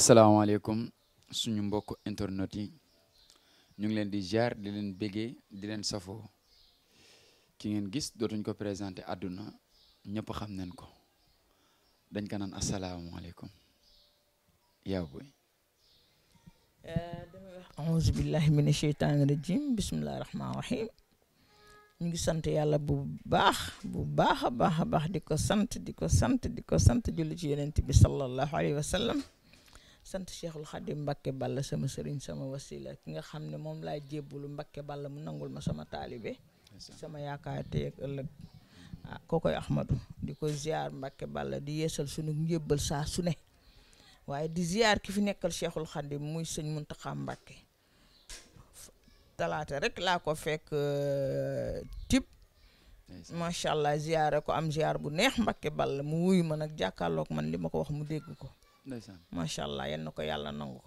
asalaamaaleykum suñu mbokk internet yi ñu ngi leen di jaar di leen bégee di leen safoo ki ngeen gis dootuñ ko présenté àdduna ñëpp xam nañ ko dañ ko naan asalaamaaleykum yaa boy damay wax auzu billahi mina sheytaani rajim bismillahi rahmaani rahim ñu ngi sant yàlla bu baax bu baax a baax a baax di ko sant di ko sant di ko sant julli ci yonent bi sallallahu alayhi wa sallam sant cheikhul xadim mbakke balla sama sëriñ sama wasila ki nga xam ne moom laay jébbulu mbakke balla mu nangul ma sama taalibe sama yaakaar tey ak ëllëg ah kookoy ahmadu di ko ziar mbakke balla di yeesal sunu njébbal saa su ne waaye di ziar ki fi nekkal cheikhul xadim muy sëñ muntaxa mbakke talaata rek laa ko fekk euh, tib macha allah ziyaare ko am ziar bu neex mbakke balla mu wuy ma nag jàkkaarlook man li ma ko wax mu dégg ko macha allah yal na ko yàlla nangu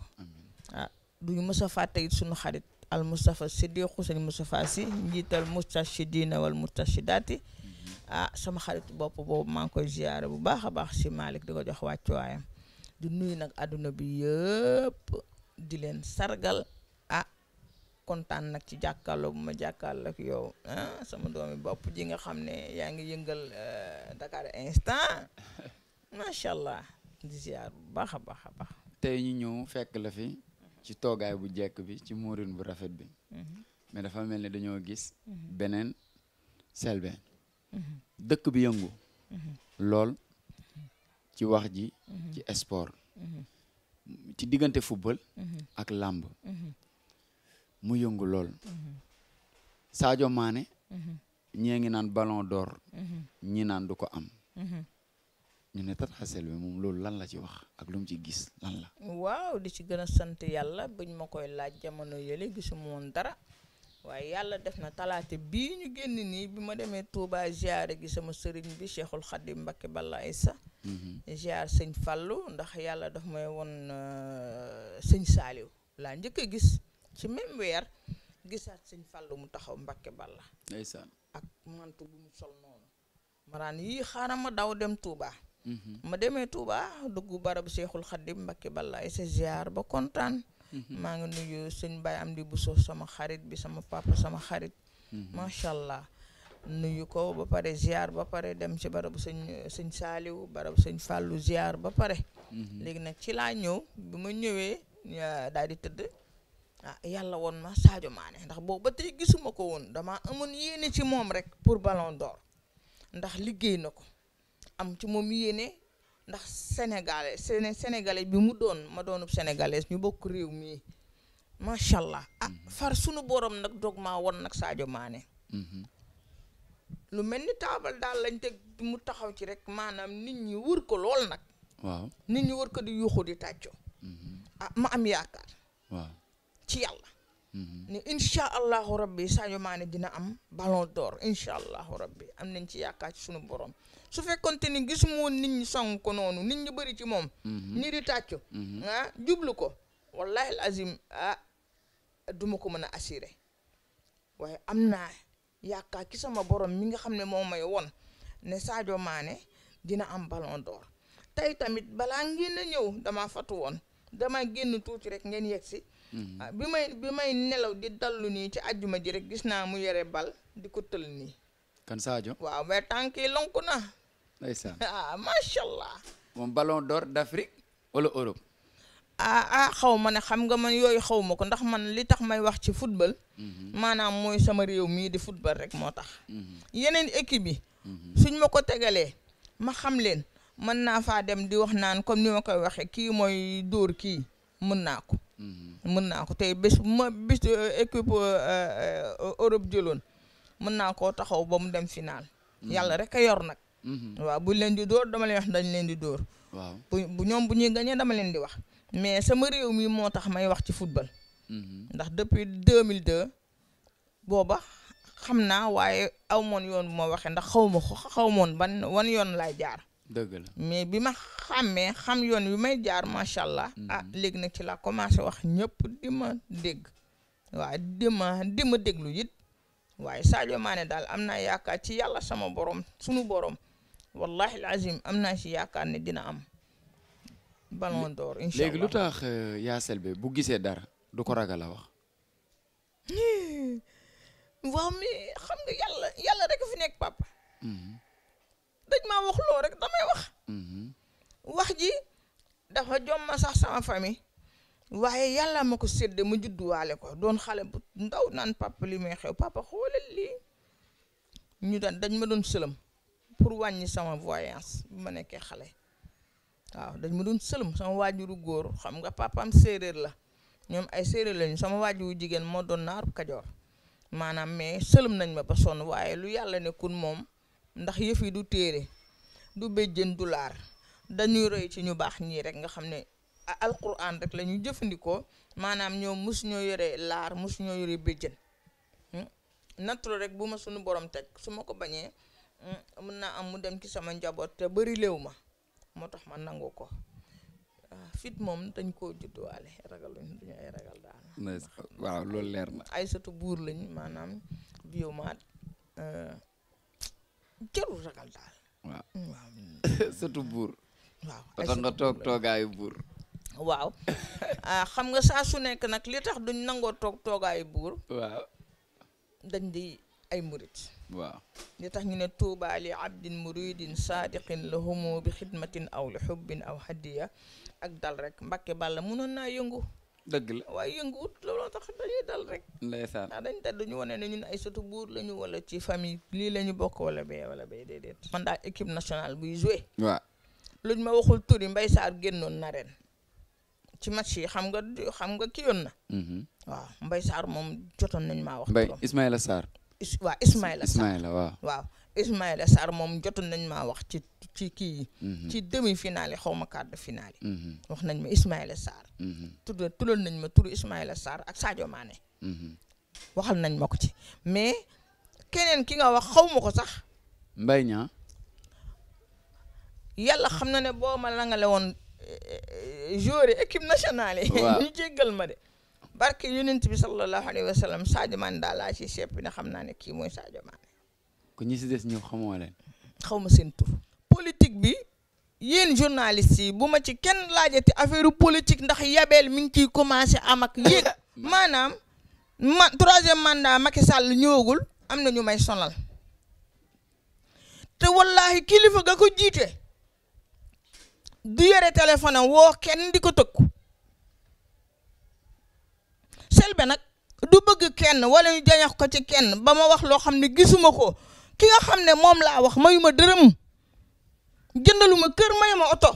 ah duñu mës a fàtte suñu xarit al Moustapha Sidiqu sëñ Moustapha si njiital Moustachidina wal Moustachidati mhm. ah sama xarit bopp boobu maa ngi koy ziyaare bu baax a baax si Malick di ko jox wàccuwaayam di nuyu nag àdduna bi yëpp di leen sargal ah kontaan nag ci jàkkaarloo bu ma jàkkaarloo ak yow ah, sama doomi bopp ji nga xam ne yaa ngi yëngal eh, Dakar instant macha allah. di bu baax baax a baax. tey ñu ñëw fekk la fi ci toogaay bu jekk bi ci muurin bu rafet bi mhm. mais dafa mel ni dañoo gis mhm. beneen Selbé mhm. dëkk bi yëngu lool ci wax ji ci sport ci diggante football ak làmb mu yëngu lool Sadio Mané ñee ngi naan ballon d'or ñi naan du ko am ñu ne Tata bi moom loolu lan la ci wax ak lu mu ci gis lan la. waaw di ci gën sant yàlla buñ ma koy laaj jamono yële gisuma woon dara waaye yàlla def na talaate bii ñu génn nii bi ma demee Touba ziare gi sama sëriñ bi Cheikhul Khadim Mbacké Balla Aïssa. Mhm. sëñ Fallu ndax yàlla daf may won euh, sëñ Saaliw laa njëkk a gis ci même weer gisaat sëñ Fallu mu taxaw Mbacké Balla. ndeysaan ak mantu bu mu sol noonu. maraan yii xaaral ma daw dem Touba. Mm-hmm. ma demee Touba dugg barabu Seexul Xaddim Mbacke Balaye sa ziar ba kontaan. Mm-hmm. maa ngi nuyu sëñ Mbaye am di Bousso sama xarit bi sama papa sama xarit. Mm-hmm. macha allah nuyu ko ba pare ziar ba pare dem ci barabu sëñ sëñ Saaliw barabu sëñ Fàllu ziar ba pare. léegi nag ci laa ñëw bi ma ñëwee daal di tëdd. ah yàlla woon ma Sadio maane ndax boobu ba gisuma ko woon damaa amoon yéene ci moom rek pour Ballon door ndax liggéey na ko. am ci moom yéene ndax sénégalais sénégalais bi mu doon ma doonub sénégalais ñu bokk réew mi macha allah ah mhm. far sunu borom nag dog maa won nag Sadio Mané. Mhm. lu mel ni taabal daal lañ teg mu taxaw ci rek maanaam nit ñi wër ko lool nag. nit ñi wër ko di yuuxu di tàccoo. Mhm. ah ma am yaakaar. ci yàlla. Mm-hmm. ni incha allahu rabbi Sadio Mané dina am ballon door incha allahu rabbi am nañ ci yaakaar ci sunu borom su fekkonte ni gisuma woon nit ñi sang ko noonu nit ñi bëri ci moom. Mm-hmm. ñi di tàccu. Mm-hmm. Ah, jublu ko wallahi azim ah, duma ko mën a assuré waaye am naa yaakaar ci sama borom mi nga xam ne moom may won ne Sadio maane dina am ballon door tey tamit balaa ngeen ñëw damaa fatu woon damaa génn tuuti rek ngeen yegg si. Mm-hmm. Ah, bi may bi may nelaw di dallu nii ci àjjuma ji rek gis naa mu yere bal di ko tël nii kan Sadio waaw mais tànk yi lonk na ndeysaan ah allah moom ballon d'or d'Afrique wala Europe ah ah xaw ma ne xam nga man yooyu xaw ma ko ndax man li tax may wax ci football mm-hmm. maanaam mooy sama réew mii di football rek moo tax mm-hmm. yeneen équipe bi suñ ma ko tegalee ma xam leen mën naa faa dem di wax naan comme ni ma koy waxee kii mooy dóor kii mën naa ko mën naa ko tey bés ma bés euh, équipe euh, euh, Europe jëloon mën naa koo taxaw ba mu dem final. Mm-hmm. yàlla rek a yor nag. Mm-hmm. waaw buñ leen di dóor dama leen wax dañ leen di dóor. waaw bu ñoom bu ñuy gañee dama leen di wax. mais sama réew mii moo tax may wax ci football. Mm-hmm. ndax depuis deux mille deux booba xam naa waaye aw moon yoon bu ma waxee ndax xaw ma xaw moon ban wan yoon laay jaar. dëgg la mais bi ma xàmmee xam yoon wi may jaar macha allah. Mhm. ah léegi na ci laa commencé wax ñëpp di ma dégg. waaw di ma di ma déglu it waaye Sadio Mané daal am naa yaakaar ci yàlla sama borom sunu borom wallahi alazim am naa ci yaakaar ne dina am. ballon d'or incha allah léegi lu tax euh, yaa Selbé bu gisee dara du ko ragal a wax. waaw mais xam nga yàlla yàlla rek fi nekk papa. Mhm. dañ maa wax loo rek damay wax mm-hmm. wax ji dafa jomma sax sama famille waaye yàlla ma ko sédde ma judduwaale ko doon xale bu ndaw naan papa li may xew papa xoolal lii ñu daan dañ ma doon sëlëm pour wàññi sama voyance bi ma nekkee xale waaw dañ ma doon sëlëm sama waajuru góor xam nga papaam séeréer la ñoom ay séeréer lañu sama waajuru jigéen moo doon naaru kajoor maanaam mais sëlëm nañ ma ba sonn waaye lu yàlla nekkul moom ndax yëf yi du téere du dan du laar dañuy roy ci ñu baax ñii rek nga xam ne alquran rek lañu jëfandikoo maanaam mus ñoo yore laar mus ñoo yore béjjën hmm? nattu rek bu ma suñu borom teg su ma ko bañee hmm, mun naa am mu dem ci sama njaboot te bari léew ma moo tax ma nangu ko ah, fit moom dañ koo judduwaale ragaluñ duñu ay ragal daal waaw loolu leer na ay satu buur lañ maanaam biomaat jarul ragal daal. waaw mm. buur. waaw ay tax buur. waaw ah, xam nga saa su nekk nag li tax duñ nangoo toog toogaayu buur. dañ di ay murit. li tax ñu ne tuubaa li abdin muridin saadiqin la humu bi xidmatin aw li xubbin aw hadiya ak dal rek bala Bàlla mënoon naa yëngu. dëgg la waaye yënguwut looloo tax dañuy dal rek. ndeysaan ndax dañ tedd ñu wane ne ñun ay sotu buur lañu wala ci famille lii la ñu bokk wala bee wala bee déedéet. man daal équipe nationale buy joué. waaw luñ ma waxul turi mbay Mbaye Sarr génnoon na ren ci match yi xam nga xam nga ki yoon na. Mhm. waaw Mbaye Sarr moom jotoon nañ ma wax. Mbaye Ismaïla Sarr. is waaw Ismaïla Ismaïla waaw waaw Ismaïla Sarr moom jotoon nañ ma wax ci ci kii yi mhm. ci demi finale xaw ma quart de finale mhm. wax nañ ma Ismaïla Sarr mhm. tudd tuddal nañ ma turu Ismaïla saar ak Sadio Mané waxal nañ ma ko ci mais keneen ki nga wax xaw ma ko sax Mbaye Niang yàlla xam na ne boo ma la nga le woon eh, eh, équipe nationale yi ñu ma de barke yonent bi sallallahu alayhi wa sallam Sadio Mané daal laa ci sepp ne xam naa ne kii mooy Sadio Mané. ko ñi si des ñëw xamoo leen. xaw ma seen tur. politique bi yéen journaliste yi bu ma ci kenn laajati affaire politique ndax yabeel mi ngi ciy commencé am ak maanaam ma troisième mandat Macky ñëwagul am na ñu may sonal. te wallahi kilifa ga ko jiite. du yore téléphone woo kenn di ko tëkku. Selbé nag du bëgg kenn wala ñu ko ci kenn ba ma wax loo xam ne gisuma ko ki nga xam ne moom laa wax mayuma dërëm jëndaluma kër mayuma oto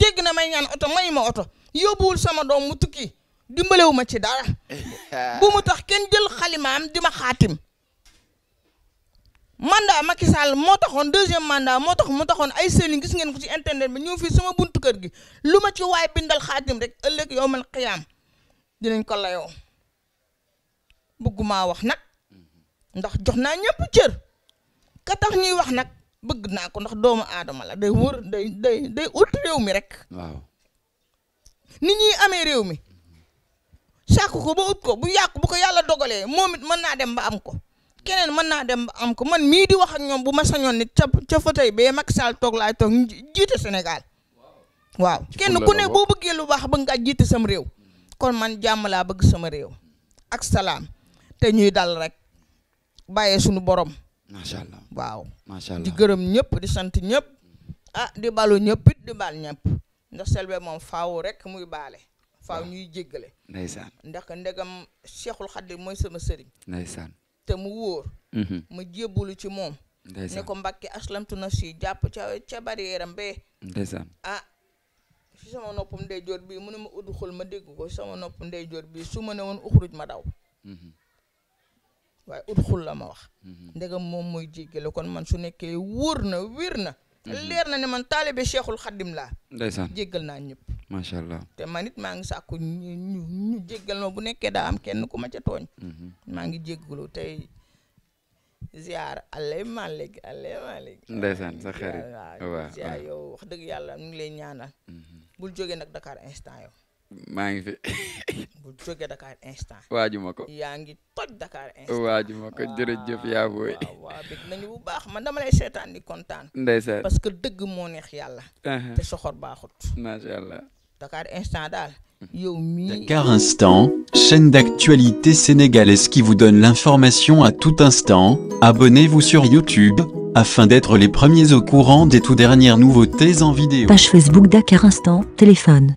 dégg na may ñaan oto mayuma oto yóbbuwul sama doom mu tukki dimbalewuma ci dara bu mu tax kenn jël xalimaam di ma xaatim mandat Macky Sall moo taxoon deuxième mandat moo tax mu taxoon ay sëriñ gis ngeen ko ci internet bi ñëw fii sama kër gi lu ma ci waay bindal xaatim rek ëllëg yow man xiyaam dinañ ko layoo buguma wax nak, ndax joxna ñepp ñëpp cër ka tax ñuy wax nak bëgg na ko ndax doomu aadama la day wër day day day ut rew mi rek. waaw ni ñi amé rew mi sàkk ko ba ut ko bu yàq bu ko yalla dogalé momit mën na dem ba am ko keneen mën na dem ba am ko man mi di wax ak ñom bu ma sañon nit ca ca fotay be Macky Sall tok laay tok jité Sénégal waaw. kenn ku ne bo bëggé lu baax ba nga jité sam rew kon man jamm la bëgg sama rew ak salam te ñuy dal rek bàyyee sunu borom. macha allah waaw. macha allah di gërëm ñëpp di sant ñëpp. ah di balu ñëpp it di bal ñëpp ndax Selbé moom faaw rek muy baale. faaw ñuy jéggale. ndeysaan ndax ndegam Cheikhul Khadim mooy sama sëriñ. ndeysaan te mu wóor. Mhm. ma jébbalu ci moom. ndeysaan ne ko mbakki aslamtu na si jàpp ca ca barrière am bee. ndeysaan ah. si sama noppam ndeyjoor bii mu ne ma udd xul ma dégg ko si sama noppam ndeyjoor bii su ma ne woon uxuruj ma daw. Mhm. waaye udxul la ma wax mhm. ndegam moom mooy jéggale kon man su nekkee wóor na wér na mhm. leer na ne man taalibe cheikhul xadim laa ndeysaan jéggal naa ñépp macha allah te man it maa ngi sàkku ñu ñu jéggal ma bu nekkee daa am kenn ku ma ca tooñ mhm. maa ngi jéggalu tey ziar allay malik allay malik ndeysaan sa xarit waaw ziar yow wax dëgg yàlla ñu ngi lay ñaanal bul jógee nag Dakar instant yow maa ngi fi. bu jóge Dakar instant. waajuma ko yaa ngi toj Dakar instant. waajuma ko jërëjëf yaa booy. waaw waaw nañu bu baax man dama lay seetaan di kontaan. ndeysaan parce que dëgg moo neex yàlla. Uh-huh. te soxor baaxut. macha allah. Dakar instant daal. Uh-huh. yow mii. Dakar instant chaîne d'actualité sénégalaise qui vous donne l'information à tout instant abonnez-vous sur YouTube afin d'être les premiers au courant des tout dernières nouveautés en vidéo. page Facebook Dakar instant téléphone.